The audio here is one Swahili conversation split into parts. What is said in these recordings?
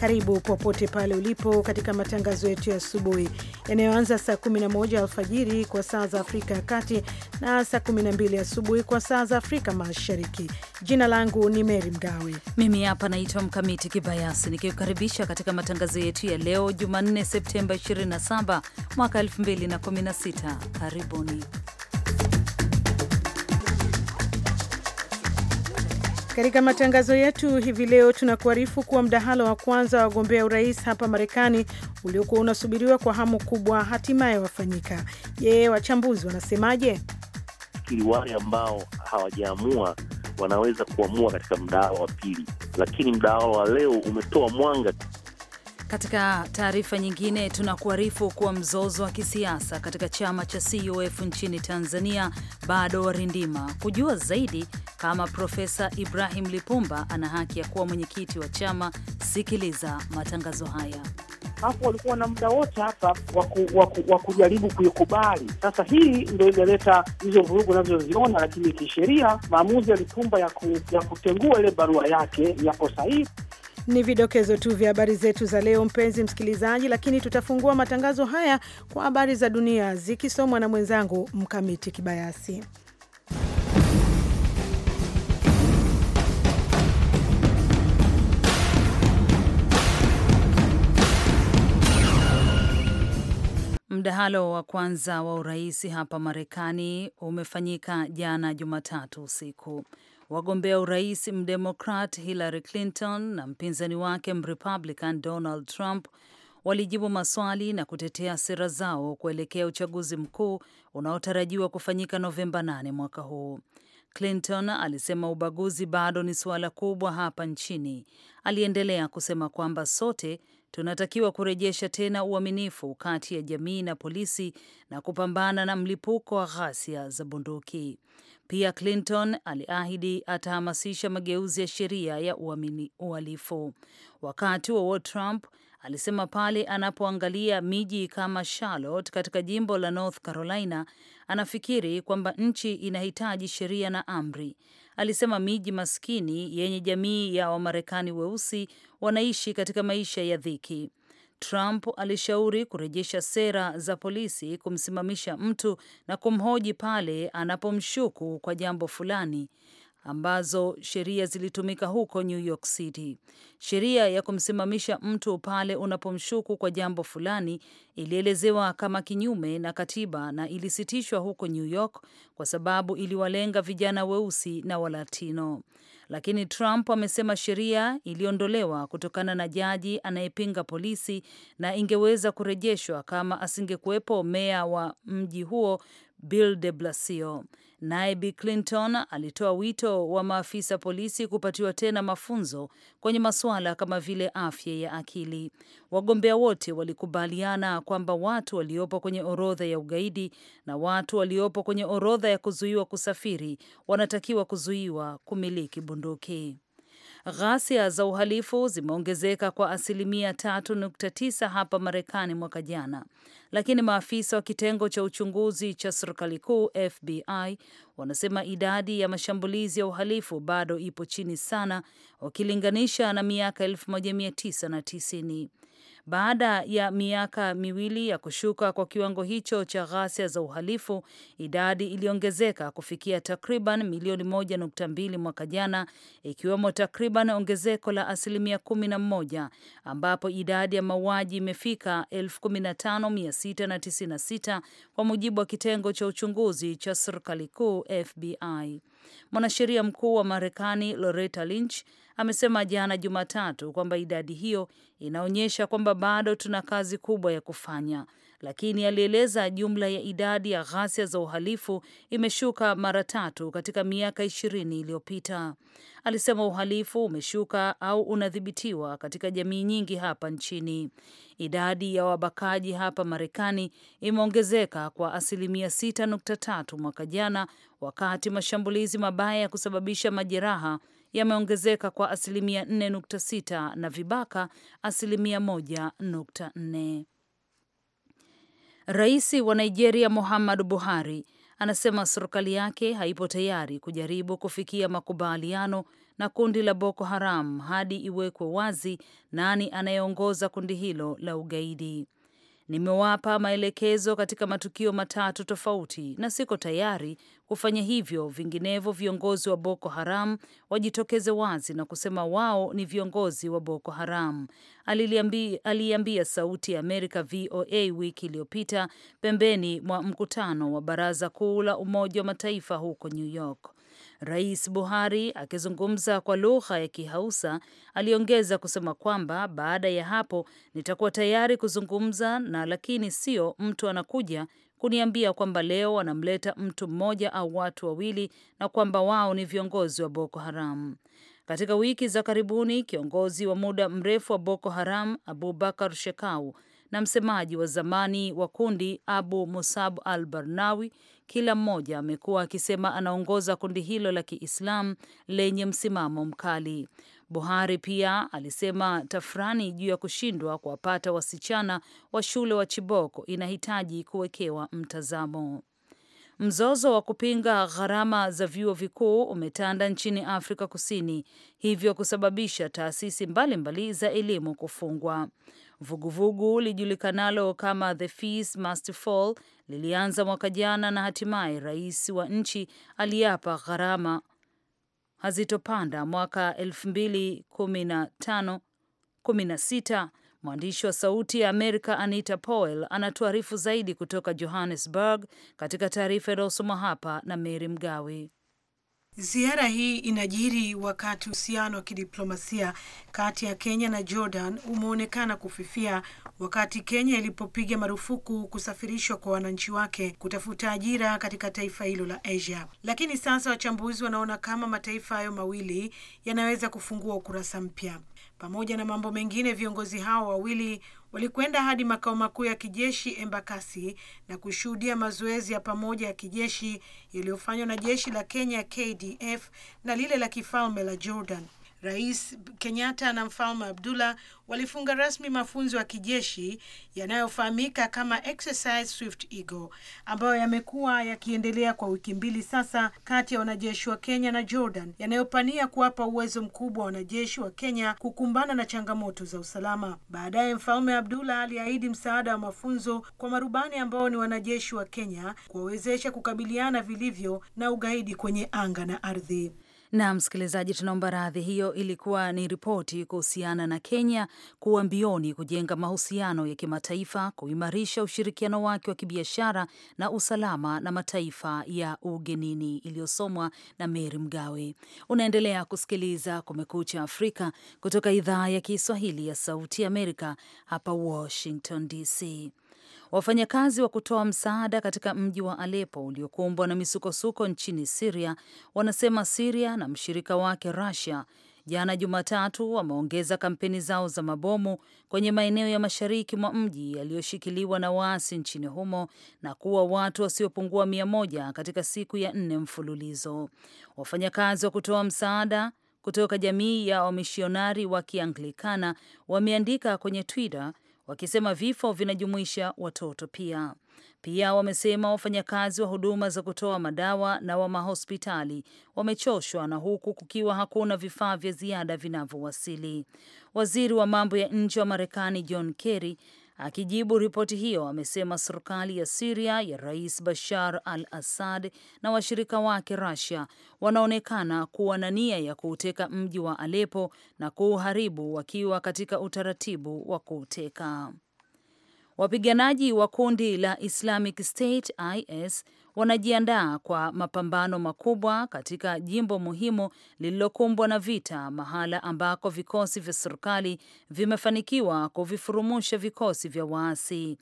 Karibu popote pale ulipo katika matangazo yetu ya asubuhi yanayoanza saa 11 alfajiri kwa saa za Afrika ya Kati na saa 12 asubuhi kwa saa za Afrika Mashariki. Jina langu ni Meri Mgawe, mimi hapa naitwa Mkamiti Kibayasi, nikikaribisha katika matangazo yetu ya leo Jumanne, Septemba 27 mwaka 2016. Karibuni. Katika matangazo yetu hivi leo tunakuarifu kuwa mdahalo wa kwanza wa wagombea urais hapa Marekani uliokuwa unasubiriwa kwa hamu kubwa hatimaye wafanyika. Je, wachambuzi wanasemaje? Ili wale ambao hawajaamua wanaweza kuamua katika mdahalo wa pili, lakini mdahalo wa leo umetoa mwanga katika taarifa nyingine, tunakuarifu kuwa mzozo wa kisiasa katika chama cha CUF nchini Tanzania bado warindima. Kujua zaidi kama Profesa Ibrahim Lipumba ana haki ya kuwa mwenyekiti wa chama, sikiliza matangazo haya. Hapo walikuwa na muda wote hapa wa kujaribu kuikubali. Sasa hii ndio imeleta hizo vurugu nazoziona, lakini kisheria maamuzi ya Lipumba ya, ku, ya kutengua ile barua yake yako sahihi. Ni vidokezo tu vya habari zetu za leo, mpenzi msikilizaji, lakini tutafungua matangazo haya kwa habari za dunia zikisomwa na mwenzangu Mkamiti Kibayasi. Mdahalo wa kwanza wa urais hapa Marekani umefanyika jana Jumatatu usiku. Wagombea urais mdemokrat Hillary Clinton na mpinzani wake mrepublican Donald Trump walijibu maswali na kutetea sera zao kuelekea uchaguzi mkuu unaotarajiwa kufanyika Novemba 8 mwaka huu. Clinton alisema ubaguzi bado ni suala kubwa hapa nchini. Aliendelea kusema kwamba sote tunatakiwa kurejesha tena uaminifu kati ya jamii na polisi na kupambana na mlipuko wa ghasia za bunduki. Pia Clinton aliahidi atahamasisha mageuzi ya sheria ya uhalifu. Wakati wa huo Trump alisema pale anapoangalia miji kama Charlotte katika jimbo la North Carolina, anafikiri kwamba nchi inahitaji sheria na amri. Alisema miji maskini yenye jamii ya Wamarekani weusi wanaishi katika maisha ya dhiki. Trump alishauri kurejesha sera za polisi kumsimamisha mtu na kumhoji pale anapomshuku kwa jambo fulani ambazo sheria zilitumika huko New York City. Sheria ya kumsimamisha mtu pale unapomshuku kwa jambo fulani ilielezewa kama kinyume na katiba na ilisitishwa huko New York kwa sababu iliwalenga vijana weusi na Walatino lakini Trump amesema sheria iliondolewa kutokana na jaji anayepinga polisi na ingeweza kurejeshwa kama asingekuwepo meya wa mji huo Bill de Blasio. Naye Bi Clinton alitoa wito wa maafisa polisi kupatiwa tena mafunzo kwenye masuala kama vile afya ya akili. Wagombea wote walikubaliana kwamba watu waliopo kwenye orodha ya ugaidi na watu waliopo kwenye orodha ya kuzuiwa kusafiri wanatakiwa kuzuiwa kumiliki bunduki. Ghasia za uhalifu zimeongezeka kwa asilimia 3.9 hapa Marekani mwaka jana, lakini maafisa wa kitengo cha uchunguzi cha serikali kuu FBI wanasema idadi ya mashambulizi ya uhalifu bado ipo chini sana, wakilinganisha na miaka 1990. Baada ya miaka miwili ya kushuka kwa kiwango hicho cha ghasia za uhalifu, idadi iliongezeka kufikia takriban milioni mbili mwaka jana, ikiwemo takriban ongezeko la asilimia moja ambapo idadi ya mauaji imefika sita kwa mujibu wa kitengo cha uchunguzi cha serikali kuu FBI. Mwanasheria mkuu wa Marekani Loretta Lynch amesema jana Jumatatu kwamba idadi hiyo inaonyesha kwamba bado tuna kazi kubwa ya kufanya, lakini alieleza jumla ya idadi ya ghasia za uhalifu imeshuka mara tatu katika miaka ishirini iliyopita. Alisema uhalifu umeshuka au unadhibitiwa katika jamii nyingi hapa nchini. Idadi ya wabakaji hapa Marekani imeongezeka kwa asilimia 6.3 mwaka jana, wakati mashambulizi mabaya ya kusababisha majeraha yameongezeka kwa asilimia 4.6 na vibaka asilimia 1.4. Rais wa Nigeria Muhammadu Buhari anasema serikali yake haipo tayari kujaribu kufikia makubaliano na kundi la Boko Haram hadi iwekwe wazi nani anayeongoza kundi hilo la ugaidi. Nimewapa maelekezo katika matukio matatu tofauti na siko tayari kufanya hivyo, vinginevyo viongozi wa Boko Haram wajitokeze wazi na kusema wao ni viongozi wa Boko Haram. Aliiambia Sauti ya Amerika VOA wiki iliyopita pembeni mwa mkutano wa Baraza Kuu la Umoja wa Mataifa huko New York. Rais Buhari akizungumza kwa lugha ya Kihausa aliongeza kusema kwamba baada ya hapo nitakuwa tayari kuzungumza na, lakini sio mtu anakuja kuniambia kwamba leo wanamleta mtu mmoja au watu wawili na kwamba wao ni viongozi wa Boko Haram. Katika wiki za karibuni, kiongozi wa muda mrefu wa Boko Haram Abubakar Shekau na msemaji wa zamani wa kundi Abu Musab al Barnawi, kila mmoja amekuwa akisema anaongoza kundi hilo la Kiislamu lenye msimamo mkali. Buhari pia alisema tafrani juu ya kushindwa kuwapata wasichana wa shule wa Chiboko inahitaji kuwekewa mtazamo. Mzozo wa kupinga gharama za vyuo vikuu umetanda nchini Afrika Kusini, hivyo kusababisha taasisi mbalimbali mbali za elimu kufungwa. Vuguvugu lijulikanalo kama The Fees Must Fall lilianza mwaka jana na hatimaye rais wa nchi aliapa gharama hazitopanda mwaka 2015 16. Mwandishi wa Sauti ya Amerika Anita Powell anatuarifu zaidi kutoka Johannesburg, katika taarifa inayosoma hapa na Mary Mgawe. Ziara hii inajiri wakati uhusiano wa kidiplomasia kati ya Kenya na Jordan umeonekana kufifia wakati Kenya ilipopiga marufuku kusafirishwa kwa wananchi wake kutafuta ajira katika taifa hilo la Asia. Lakini sasa wachambuzi wanaona kama mataifa hayo mawili yanaweza kufungua ukurasa mpya. Pamoja na mambo mengine, viongozi hao wawili walikwenda hadi makao makuu ya kijeshi Embakasi na kushuhudia mazoezi ya pamoja ya kijeshi yaliyofanywa na jeshi la Kenya KDF na lile la kifalme la Jordan. Rais Kenyatta na Mfalme Abdullah walifunga rasmi mafunzo ya kijeshi yanayofahamika kama Exercise Swift Eagle ambayo yamekuwa yakiendelea kwa wiki mbili sasa kati ya wanajeshi wa Kenya na Jordan, yanayopania kuwapa uwezo mkubwa wa wanajeshi wa Kenya kukumbana na changamoto za usalama. Baadaye Mfalme Abdullah aliahidi msaada wa mafunzo kwa marubani ambao ni wanajeshi wa Kenya kuwawezesha kukabiliana vilivyo na ugaidi kwenye anga na ardhi. Na msikilizaji, tunaomba radhi. Hiyo ilikuwa ni ripoti kuhusiana na Kenya kuwa mbioni kujenga mahusiano ya kimataifa, kuimarisha ushirikiano wake wa kibiashara na usalama na mataifa ya ugenini, iliyosomwa na Meri Mgawe. Unaendelea kusikiliza Kumekucha Afrika kutoka idhaa ya Kiswahili ya Sauti Amerika, hapa Washington DC. Wafanyakazi wa kutoa msaada katika mji wa Alepo uliokumbwa na misukosuko nchini Siria wanasema Siria na mshirika wake Rusia jana Jumatatu wameongeza kampeni zao za mabomu kwenye maeneo ya mashariki mwa mji yaliyoshikiliwa na waasi nchini humo na kuwa watu wasiopungua mia moja katika siku ya nne mfululizo. Wafanyakazi wa kutoa msaada kutoka jamii ya wamishionari wa Kianglikana wameandika kwenye Twitter wakisema vifo vinajumuisha watoto pia. Pia wamesema wafanyakazi wa huduma za kutoa madawa na wa mahospitali wamechoshwa na huku kukiwa hakuna vifaa vya ziada vinavyowasili. Waziri wa mambo ya nje wa Marekani John Kerry Akijibu ripoti hiyo, amesema serikali ya Siria ya Rais Bashar al Assad na washirika wake Russia wanaonekana kuwa na nia ya kuuteka mji wa Alepo na kuuharibu wakiwa katika utaratibu wa kuuteka. Wapiganaji wa kundi la Islamic State IS wanajiandaa kwa mapambano makubwa katika jimbo muhimu lililokumbwa na vita, mahala ambako vikosi vya serikali vimefanikiwa kuvifurumusha vikosi vya waasi.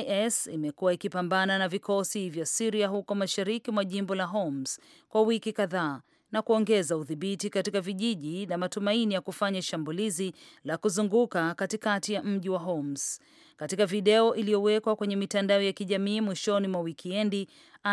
IS imekuwa ikipambana na vikosi vya Siria huko mashariki mwa jimbo la Homs kwa wiki kadhaa na kuongeza udhibiti katika vijiji na matumaini ya kufanya shambulizi la kuzunguka katikati ya mji wa Homs. Katika video iliyowekwa kwenye mitandao ya kijamii mwishoni mwa wikiendi,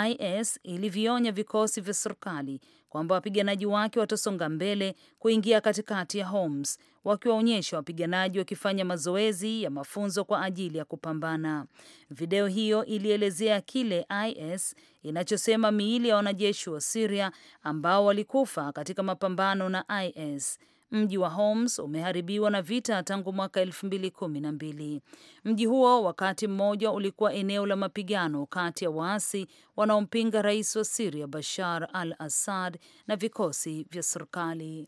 IS ilivyonya vikosi vya serikali kwamba wapiganaji wake watasonga mbele kuingia katikati ya Homs, wakiwaonyesha wapiganaji wakifanya mazoezi ya mafunzo kwa ajili ya kupambana. Video hiyo ilielezea kile IS inachosema miili ya wanajeshi wa siria ambao walikufa katika mapambano na IS. Mji wa Homs umeharibiwa na vita tangu mwaka elfu mbili kumi na mbili. Mji huo wakati mmoja ulikuwa eneo la mapigano kati ya waasi wanaompinga rais wa Siria Bashar al Assad na vikosi vya serikali.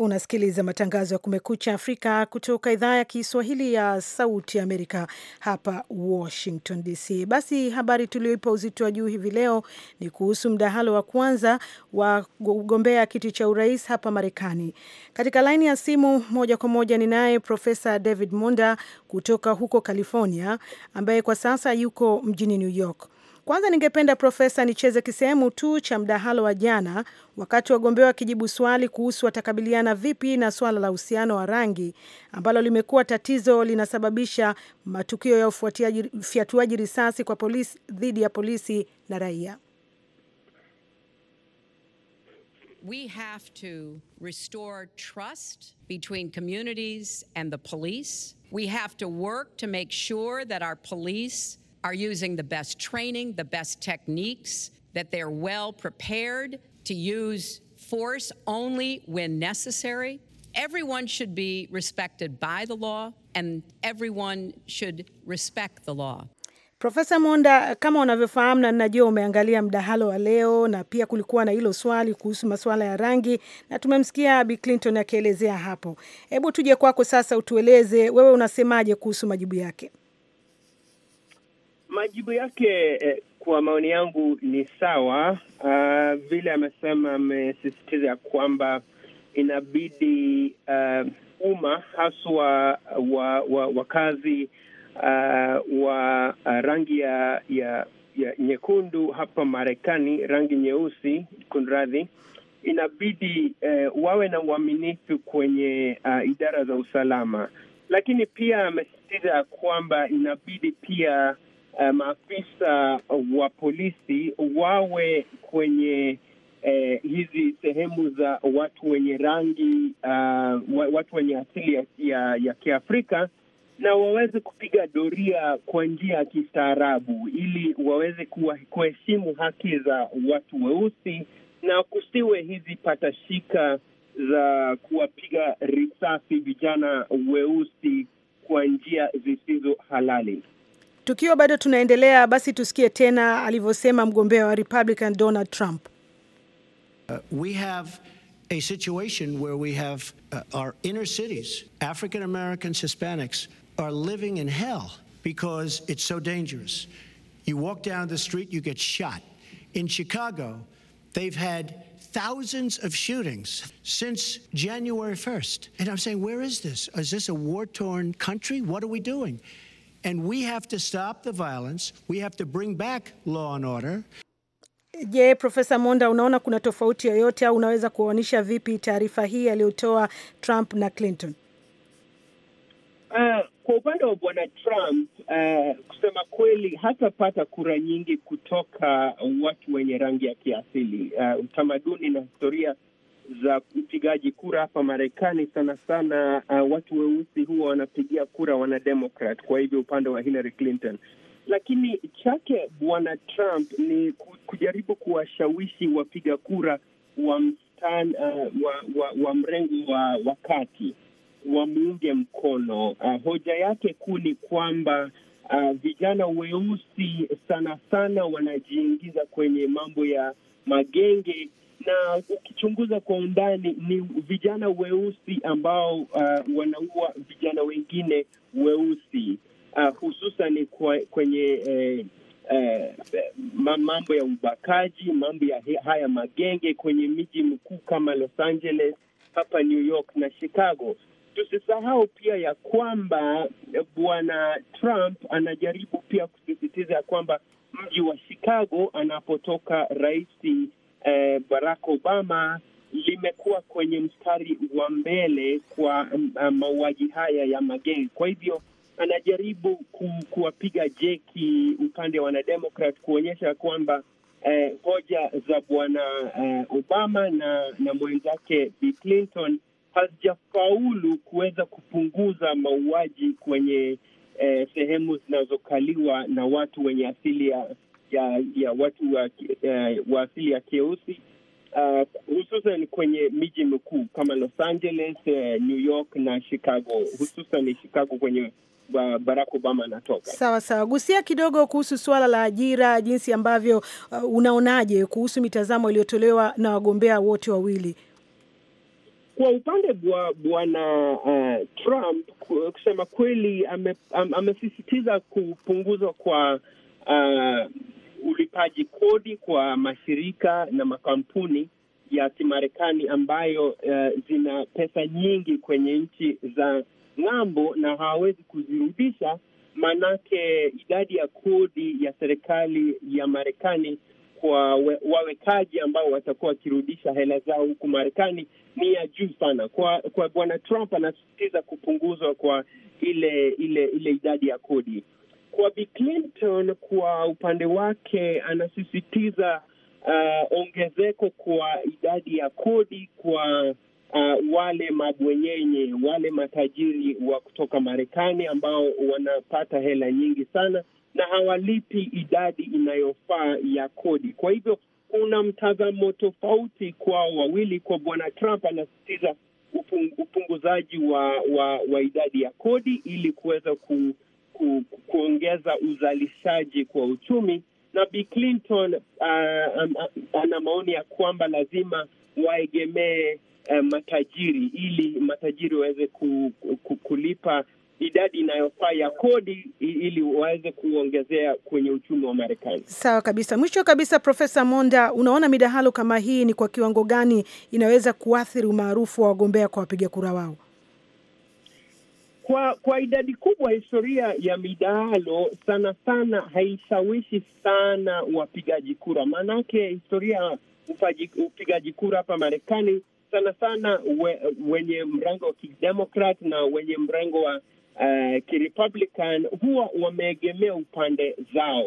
Unasikiliza matangazo ya Kumekucha Afrika kutoka idhaa ya Kiswahili ya Sauti ya Amerika hapa Washington DC. Basi habari tulioipa uzito wa juu hivi leo ni kuhusu mdahalo wa kwanza wa kugombea kiti cha urais hapa Marekani. Katika laini ya simu moja kwa moja ninaye Profesa David Monda kutoka huko California, ambaye kwa sasa yuko mjini New York. Kwanza ningependa Profesa nicheze kisehemu tu cha mdahalo wa jana, wakati wagombea wakijibu swali kuhusu watakabiliana vipi na swala la uhusiano wa rangi ambalo limekuwa tatizo linasababisha matukio ya ufyatuaji risasi kwa polisi dhidi ya polisi na raia. We have to restore trust between communities and the police. We have to work to make sure that our police are using the best training, the best techniques, that they're well prepared to use force only when necessary. Everyone should be respected by the law, and everyone should respect the law. Profesa Monda, kama unavyofahamu na ninajua umeangalia mdahalo wa leo, na pia kulikuwa na hilo swali kuhusu masuala ya rangi, na tumemsikia Bi Clinton akielezea hapo. Hebu tuje kwako sasa, utueleze wewe unasemaje kuhusu majibu yake? Majibu yake eh, kwa maoni yangu ni sawa. Uh, vile amesema, amesisitiza ya kwamba inabidi eh, umma haswa wakazi wa, uh, wa rangi ya, ya, ya nyekundu hapa Marekani, rangi nyeusi, kunradhi, inabidi uh, wawe na uaminifu kwenye uh, idara za usalama, lakini pia amesisitiza ya kwamba inabidi pia Eh, maafisa eh, wa polisi wawe kwenye eh, hizi sehemu za watu wenye rangi uh, watu wenye asili ya, ya, ya Kiafrika na waweze kupiga doria kwa njia ya kistaarabu ili waweze kuheshimu haki za watu weusi na kusiwe hizi patashika za kuwapiga risasi vijana weusi kwa njia zisizo halali. Tukiwa bado tunaendelea, basi tusikie tena alivyosema mgombea wa Republican Donald Trump. Uh, we have a situation where we have uh, our inner cities, African Americans, Hispanics are living in hell because it's so dangerous. You walk down the street, you get shot. In Chicago, they've had thousands of shootings since January 1st. And I'm saying, where is this? Is this a war torn country? What are we doing? And we have to stop the violence. We have to bring back law and order. Je, Profesa Monda, unaona kuna tofauti yoyote au unaweza kuonyesha vipi taarifa hii aliyotoa Trump na Clinton? Uh, kwa upande wa bwana Trump uh, kusema kweli hatapata kura nyingi kutoka watu wenye rangi ya kiasili. Uh, utamaduni na historia za upigaji kura hapa Marekani sana sana, uh, watu weusi huwa wanapigia kura wanademokrat, kwa hivyo upande wa Hillary Clinton. Lakini chake bwana Trump ni kujaribu kuwashawishi wapiga kura wa mstan, uh, wa, wa, wa mrengo wa wakati wamuunge mkono. Uh, hoja yake kuu ni kwamba uh, vijana weusi sana sana wanajiingiza kwenye mambo ya magenge, na ukichunguza kwa undani ni vijana weusi ambao uh, wanaua vijana wengine weusi uh, hususan kwenye eh, eh, mambo ya ubakaji, mambo ya haya magenge kwenye miji mikuu kama Los Angeles, hapa New York na Chicago. Tusisahau pia ya kwamba eh, bwana Trump anajaribu pia kusisitiza ya kwamba mji wa Chicago anapotoka Rais eh, Barack Obama limekuwa kwenye mstari wa mbele kwa eh, mauaji haya ya magengi. Kwa hivyo anajaribu ku, kuwapiga jeki upande wa wanademokrat kuonyesha kwamba eh, hoja za bwana eh, Obama na na mwenzake Bill Clinton hazijafaulu kuweza kupunguza mauaji kwenye eh, sehemu zinazokaliwa na watu wenye asili ya ya, ya watu wa, eh, wa asili ya keusi uh, ah, hususan kwenye miji mikuu kama Los Angeles, eh, New York na Chicago, hususan Chicago kwenye Barack Obama anatoka. Sawa sawa, gusia kidogo kuhusu suala la ajira, jinsi ambavyo uh, unaonaje kuhusu mitazamo iliyotolewa na wagombea wote wawili? Kwa upande wa bwana uh, Trump kusema kweli, ame, am, amesisitiza kupunguzwa kwa uh, ulipaji kodi kwa mashirika na makampuni ya Kimarekani ambayo uh, zina pesa nyingi kwenye nchi za ng'ambo na hawawezi kuzirudisha, maanake idadi ya kodi ya serikali ya Marekani kwa wawekaji ambao watakuwa wakirudisha hela zao huku Marekani ni ya juu sana. Kwa kwa bwana Trump anasisitiza kupunguzwa kwa ile ile ile idadi ya kodi. Kwa Bi Clinton kwa upande wake anasisitiza uh, ongezeko kwa idadi ya kodi kwa uh, wale mabwenyenye, wale matajiri wa kutoka Marekani ambao wanapata hela nyingi sana na hawalipi idadi inayofaa ya kodi. Kwa hivyo kuna mtazamo tofauti kwao wawili. Kwa bwana Trump anasisitiza upunguzaji wa, wa, wa idadi ya kodi ili kuweza ku, ku, kuongeza uzalishaji kwa uchumi, na Bi Clinton uh, um, uh, ana maoni ya kwamba lazima waegemee uh, matajiri ili matajiri waweze ku, ku, kulipa idadi inayofaa ya kodi ili waweze kuongezea kwenye uchumi wa Marekani. Sawa kabisa. Mwisho kabisa, Profesa Monda, unaona midahalo kama hii ni kwa kiwango gani inaweza kuathiri umaarufu wa wagombea kwa wapiga kura wao? Kwa kwa idadi kubwa, historia ya midahalo sana sana haishawishi sana wapigaji kura, maanake historia ya upigaji kura hapa Marekani sana sana we, wenye mrengo wa kidemokrat na wenye mrengo wa uh, kirepublican huwa wameegemea upande zao.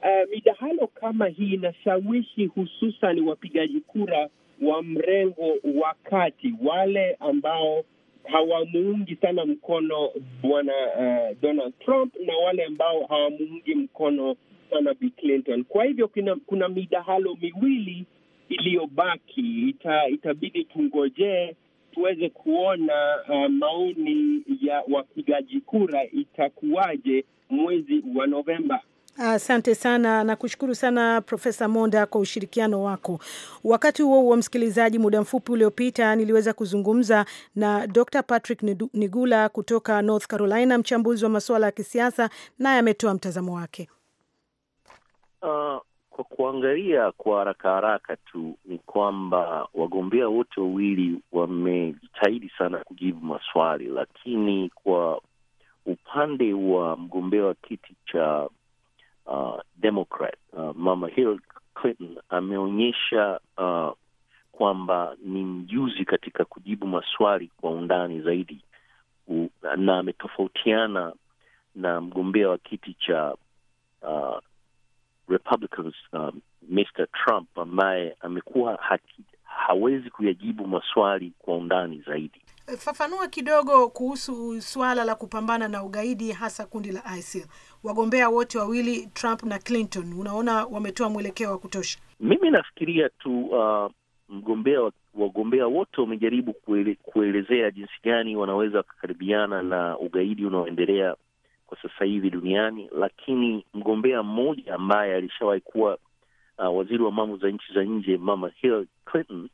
Uh, midahalo kama hii inashawishi hususan wapigaji kura wa mrengo wa kati, wale ambao hawamuungi sana mkono bwana uh, Donald Trump na wale ambao hawamuungi mkono sana Bill Clinton. Kwa hivyo kuna, kuna midahalo miwili iliyobaki. Ita, itabidi tungojee tuweze kuona uh, maoni ya wapigaji kura itakuwaje mwezi wa Novemba. Asante sana na kushukuru sana Profesa Monda kwa ushirikiano wako. Wakati huo huo, msikilizaji, muda mfupi uliopita niliweza kuzungumza na Dr Patrick Nigula kutoka North Carolina, mchambuzi wa masuala ya kisiasa, naye ametoa mtazamo wake. Uh, kwa kuangalia kwa haraka haraka tu ni kwamba wagombea wote wawili wamejitahidi sana kujibu maswali, lakini kwa upande wa mgombea wa kiti cha uh, Democrat uh, mama Hillary Clinton ameonyesha uh, kwamba ni mjuzi katika kujibu maswali kwa undani zaidi u, na ametofautiana na mgombea wa kiti cha uh, Republicans um, Mr Trump ambaye amekuwa haki, hawezi kuyajibu maswali kwa undani zaidi. Fafanua kidogo kuhusu suala la kupambana na ugaidi hasa kundi la ISIL. Wagombea wote wawili Trump na Clinton, unaona wametoa mwelekeo wa kutosha? Mimi nafikiria tu uh, mgombea wagombea wote wamejaribu kuele, kuelezea jinsi gani wanaweza wakakaribiana na ugaidi unaoendelea kwa sasa hivi duniani, lakini mgombea mmoja ambaye alishawahi kuwa uh, waziri wa mambo za nchi za nje, mama Hillary Clinton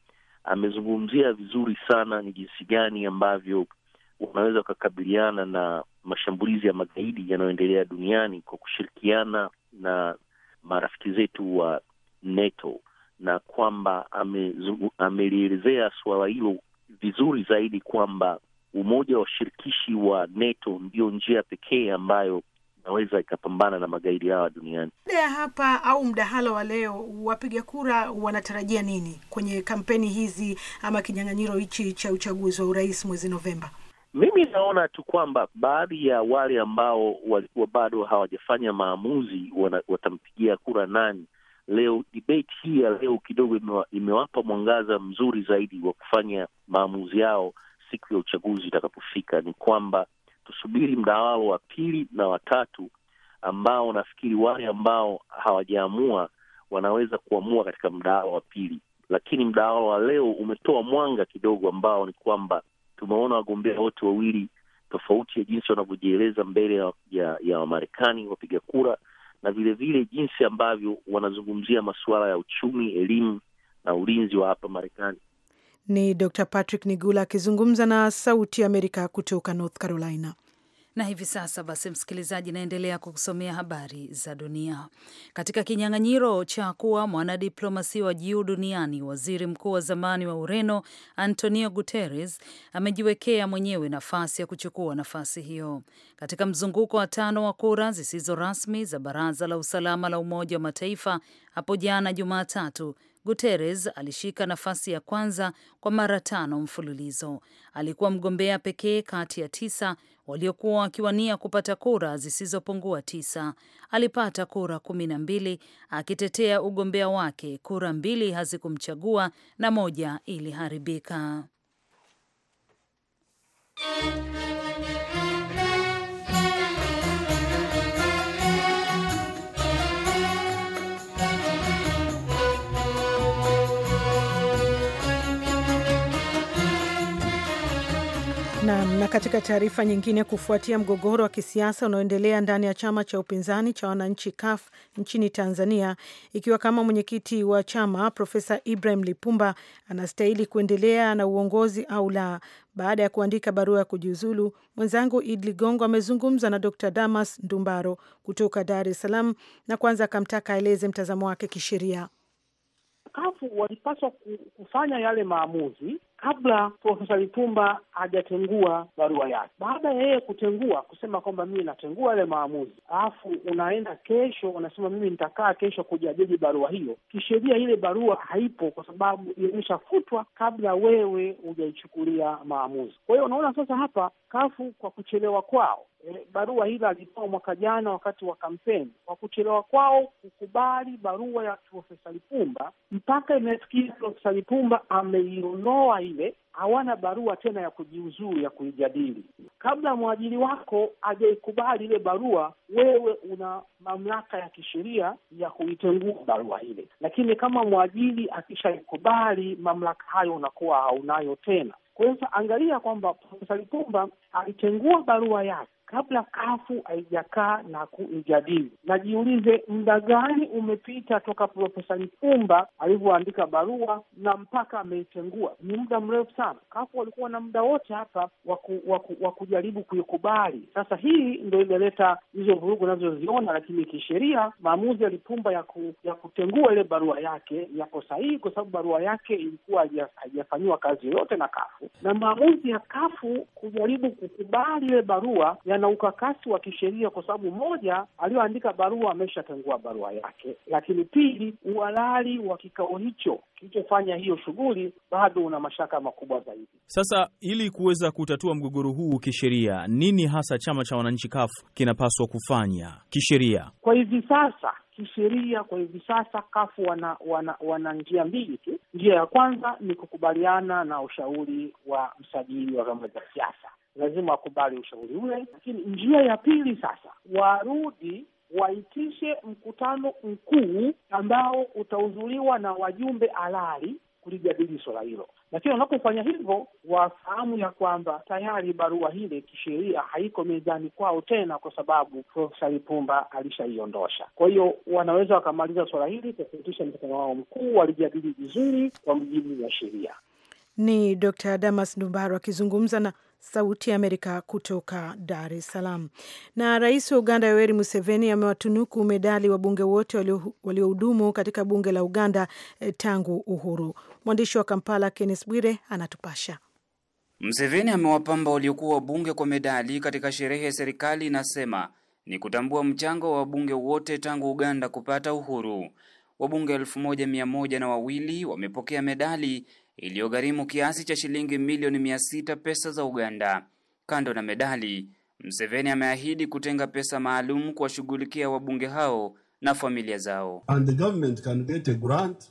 amezungumzia vizuri sana ni jinsi gani ambavyo wanaweza wakakabiliana na mashambulizi ya magaidi yanayoendelea duniani kwa kushirikiana na marafiki zetu wa NATO na kwamba amelielezea suala hilo vizuri zaidi kwamba umoja wa shirikishi wa NATO ndiyo njia pekee ambayo inaweza ikapambana na magaidi hawa duniani. Baada ya hapa au mdahalo wa leo, wapiga kura wanatarajia nini kwenye kampeni hizi ama kinyang'anyiro hichi cha uchaguzi wa urais mwezi Novemba? Mimi naona tu kwamba baadhi ya wale ambao walikuwa bado hawajafanya maamuzi wana, watampigia kura nani leo. Debate hii ya leo kidogo imewapa mwangaza mzuri zaidi wa kufanya maamuzi yao siku ya uchaguzi itakapofika, ni kwamba tusubiri mdawalo wa pili na watatu, ambao nafikiri wale ambao hawajaamua wanaweza kuamua katika mdawalo wa pili. Lakini mdawalo wa leo umetoa mwanga kidogo, ambao ni kwamba tumeona wagombea wote wawili tofauti ya jinsi wanavyojieleza mbele ya, ya, ya Wamarekani wapiga kura na vilevile vile jinsi ambavyo wanazungumzia masuala ya uchumi, elimu na ulinzi wa hapa Marekani. Ni Dr Patrick Nigula akizungumza na Sauti ya Amerika kutoka North Carolina. Na hivi sasa basi, msikilizaji, naendelea kukusomea habari za dunia. Katika kinyang'anyiro cha kuwa mwanadiplomasia wa juu duniani, waziri mkuu wa zamani wa Ureno Antonio Guterres amejiwekea mwenyewe nafasi ya kuchukua nafasi hiyo katika mzunguko wa tano wa kura zisizo rasmi za Baraza la Usalama la Umoja wa Mataifa hapo jana Jumatatu Guterres alishika nafasi ya kwanza kwa mara tano mfululizo. Alikuwa mgombea pekee kati ya tisa waliokuwa wakiwania kupata kura zisizopungua tisa. Alipata kura kumi na mbili akitetea ugombea wake. Kura mbili hazikumchagua na moja iliharibika. Na, na katika taarifa nyingine, kufuatia mgogoro wa kisiasa unaoendelea ndani ya chama cha upinzani cha wananchi CUF nchini Tanzania, ikiwa kama mwenyekiti wa chama Profesa Ibrahim Lipumba anastahili kuendelea na uongozi au la, baada ya kuandika barua ya kujiuzulu, mwenzangu Id Ligongo amezungumza na Dr. Damas Ndumbaro kutoka Dar es Salaam, na kwanza akamtaka aeleze mtazamo wake kisheria. CUF walipaswa kufanya yale maamuzi kabla Profesa Lipumba hajatengua barua yake. Baada ya yeye kutengua kusema kwamba mimi natengua yale maamuzi, alafu unaenda kesho unasema mimi nitakaa kesho kujadili barua hiyo, kisheria ile barua haipo kwa sababu imeshafutwa kabla wewe hujaichukulia maamuzi. Kwa hiyo unaona sasa hapa kafu kwa kuchelewa kwao E, barua hili alipewa mwaka jana wakati wa kampeni. Kwa kuchelewa kwao kukubali barua ya Profesa Lipumba, mpaka imefikia Profesa Lipumba ameiondoa ile hawana barua tena ya kujiuzuru ya kuijadili. Kabla mwajiri wako hajaikubali ile barua, wewe una mamlaka ya kisheria ya kuitengua barua ile, lakini kama mwajiri akishaikubali, mamlaka hayo unakuwa haunayo tena. Kwa hiyo angalia kwamba Profesa Lipumba alitengua barua yake kabla kafu haijakaa na kuijadili. Najiulize muda gani umepita toka Profesa Lipumba alivyoandika barua na mpaka ameitengua, ni muda mrefu sana. Kafu walikuwa na muda wote hapa wa kujaribu kuikubali. Sasa hii ndo imeleta hizo vurugu unazoziona, lakini kisheria maamuzi ya Lipumba ya, ku, ya kutengua ile barua yake yako sahihi, kwa sababu barua yake ilikuwa haijafanyiwa kazi yoyote na kafu na maamuzi ya kafu kujaribu kukubali ile barua ya yana ukakasi wa kisheria, kwa sababu moja, aliyoandika barua ameshatengua barua yake, lakini pili, uhalali wa kikao hicho kilichofanya hiyo shughuli bado una mashaka makubwa zaidi. Sasa, ili kuweza kutatua mgogoro huu kisheria, nini hasa chama cha wananchi kafu kinapaswa kufanya kisheria kwa hivi sasa? Kisheria kwa hivi sasa kafu wana, wana, wana njia mbili tu. Njia ya kwanza ni kukubaliana na ushauri wa msajili wa vyama vya siasa lazima wakubali ushauri ule. Lakini njia ya pili sasa, warudi waitishe mkutano mkuu ambao utahudhuriwa na wajumbe halali kulijadili swala hilo. Lakini wanapofanya hivyo, wafahamu ya kwamba tayari barua hile kisheria haiko mezani kwao tena, kwa sababu Profesa Lipumba alishaiondosha. Kwa hiyo wanaweza wakamaliza swala hili kwa kuitisha mkutano wao mkuu, walijadili vizuri kwa mujibu wa sheria. Ni Dr. Damas Ndumbaro akizungumza na Sauti ya Amerika kutoka Dar es Salaam. Na rais wa Uganda Yoweri Museveni amewatunuku medali wabunge wote waliohudumu katika bunge la Uganda eh, tangu uhuru. Mwandishi wa Kampala kennes Bwire anatupasha. Museveni amewapamba waliokuwa wabunge kwa medali katika sherehe ya serikali inasema ni kutambua mchango wa wabunge wote tangu Uganda kupata uhuru. Wabunge elfu moja mia moja na wawili wamepokea medali iliyogharimu kiasi cha shilingi milioni mia sita pesa za Uganda. Kando na medali, Mseveni ameahidi kutenga pesa maalum kuwashughulikia wabunge hao na familia zao. And the government can get a grant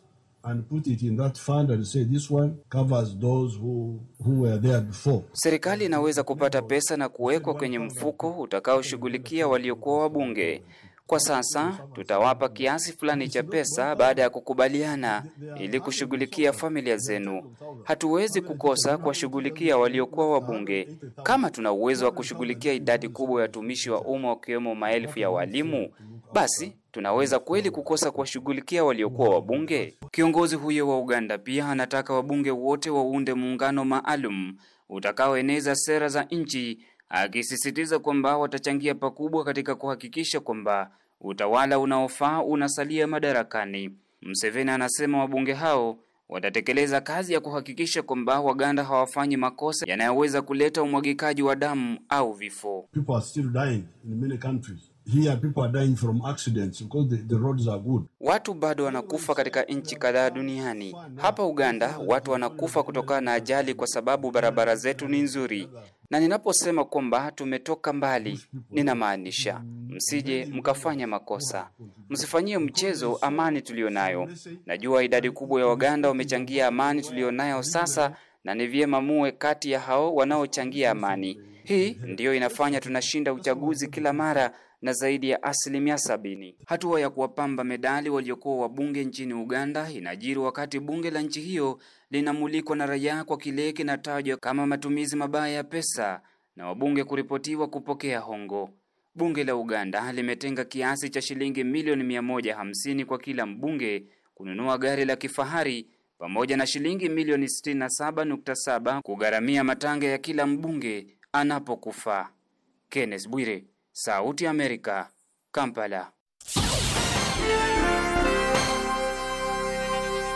and put it in that fund and say this one covers those who, who were there before. Serikali inaweza kupata pesa na kuwekwa kwenye mfuko utakaoshughulikia waliokuwa wabunge kwa sasa tutawapa kiasi fulani cha pesa baada ya kukubaliana, ili kushughulikia familia zenu. Hatuwezi kukosa kuwashughulikia waliokuwa wabunge. Kama tuna uwezo wa kushughulikia idadi kubwa ya watumishi wa umma wakiwemo maelfu ya walimu, basi tunaweza kweli kukosa kuwashughulikia waliokuwa wabunge? Kiongozi huyo wa Uganda pia anataka wabunge wote waunde muungano maalum utakaoeneza sera za nchi akisisitiza kwamba watachangia pakubwa katika kuhakikisha kwamba utawala unaofaa unasalia madarakani. Mseveni anasema wabunge hao watatekeleza kazi ya kuhakikisha kwamba Waganda hawafanyi makosa yanayoweza kuleta umwagikaji wa damu au vifo. People are still dying in many countries. Here people are dying from accidents because the, the roads are good. Watu bado wanakufa katika nchi kadhaa duniani. Hapa Uganda watu wanakufa kutokana na ajali kwa sababu barabara zetu ni nzuri. Na ninaposema kwamba tumetoka mbali, ninamaanisha msije mkafanya makosa, msifanyie mchezo amani tuliyonayo. Najua idadi kubwa ya Waganda wamechangia amani tuliyonayo sasa, na ni vyema muwe kati ya hao wanaochangia amani. Hii ndiyo inafanya tunashinda uchaguzi kila mara na zaidi ya asilimia sabini. Hatua ya kuwapamba medali waliokuwa wabunge nchini Uganda inajiri wakati bunge la nchi hiyo linamulikwa na raia kwa kile kinatajwa kama matumizi mabaya ya pesa na wabunge kuripotiwa kupokea hongo. Bunge la Uganda limetenga kiasi cha shilingi milioni hamsini kwa kila mbunge kununua gari la kifahari pamoja na shilingi milioni 67.7 kugharamia matanga ya kila mbunge anapokufa. Kenneth Bwire Sauti Amerika, Kampala.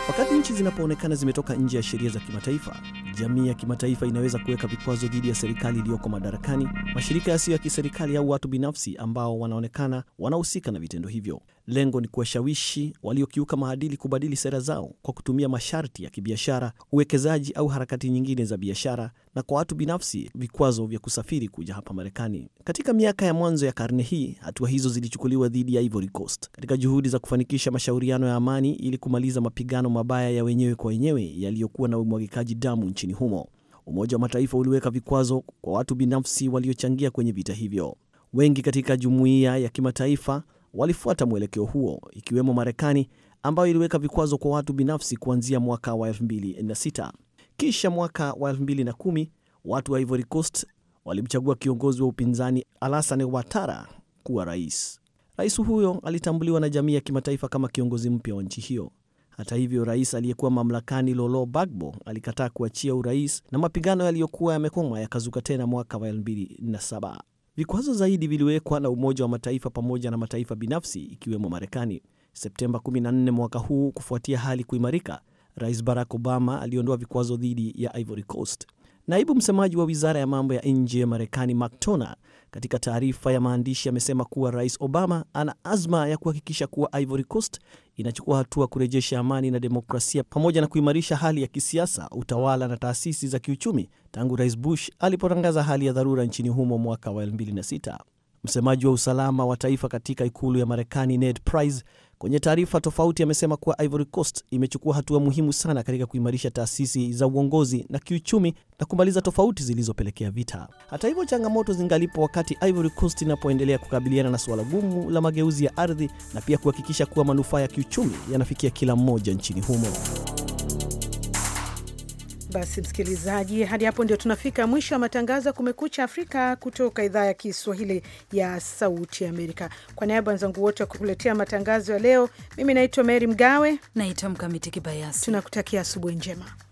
Wakati nchi zinapoonekana zimetoka nje ya sheria za kimataifa, jamii ya kimataifa inaweza kuweka vikwazo dhidi ya serikali iliyoko madarakani, mashirika yasiyo ya kiserikali au watu binafsi ambao wanaonekana wanahusika na vitendo hivyo. Lengo ni kuwashawishi waliokiuka maadili kubadili sera zao kwa kutumia masharti ya kibiashara, uwekezaji au harakati nyingine za biashara na kwa watu binafsi vikwazo vya kusafiri kuja hapa Marekani. Katika miaka ya mwanzo ya karne hii, hatua hizo zilichukuliwa dhidi ya Ivory Coast katika juhudi za kufanikisha mashauriano ya amani ili kumaliza mapigano mabaya ya wenyewe kwa wenyewe yaliyokuwa na umwagikaji damu nchini humo. Umoja wa Mataifa uliweka vikwazo kwa watu binafsi waliochangia kwenye vita hivyo. Wengi katika jumuiya ya kimataifa walifuata mwelekeo huo, ikiwemo Marekani ambayo iliweka vikwazo kwa watu binafsi kuanzia mwaka wa 2006. Kisha mwaka wa 2010 watu wa Ivory Coast walimchagua kiongozi wa upinzani Alassane Ouattara kuwa rais. Rais huyo alitambuliwa na jamii ya kimataifa kama kiongozi mpya wa nchi hiyo. Hata hivyo, rais aliyekuwa mamlakani Lolo Bagbo alikataa kuachia urais na mapigano yaliyokuwa yamekoma yakazuka tena mwaka wa 2007. Vikwazo zaidi viliwekwa na Umoja wa Mataifa pamoja na mataifa binafsi ikiwemo Marekani Septemba 14 mwaka huu kufuatia hali kuimarika Rais Barack Obama aliondoa vikwazo dhidi ya Ivory Coast. Naibu msemaji wa wizara ya mambo ya nje ya Marekani Mark Toner katika taarifa ya maandishi amesema kuwa Rais Obama ana azma ya kuhakikisha kuwa Ivory Coast inachukua hatua kurejesha amani na demokrasia pamoja na kuimarisha hali ya kisiasa, utawala na taasisi za kiuchumi tangu Rais Bush alipotangaza hali ya dharura nchini humo mwaka wa 2006. Msemaji wa usalama wa taifa katika ikulu ya Marekani Ned Price Kwenye taarifa tofauti amesema kuwa Ivory Coast imechukua hatua muhimu sana katika kuimarisha taasisi za uongozi na kiuchumi na kumaliza tofauti zilizopelekea vita. Hata hivyo, changamoto zingalipo wakati Ivory Coast inapoendelea kukabiliana na suala gumu la mageuzi ya ardhi na pia kuhakikisha kuwa manufaa ya kiuchumi yanafikia kila mmoja nchini humo basi msikilizaji, hadi hapo ndio tunafika mwisho wa matangazo ya Kumekucha Afrika kutoka idhaa ya Kiswahili ya Sauti Amerika. Kwa niaba wenzangu wote wa kukuletea matangazo ya leo, mimi naitwa Meri Mgawe, naitwa Mkamiti Kibayasi. Tunakutakia asubuhi njema.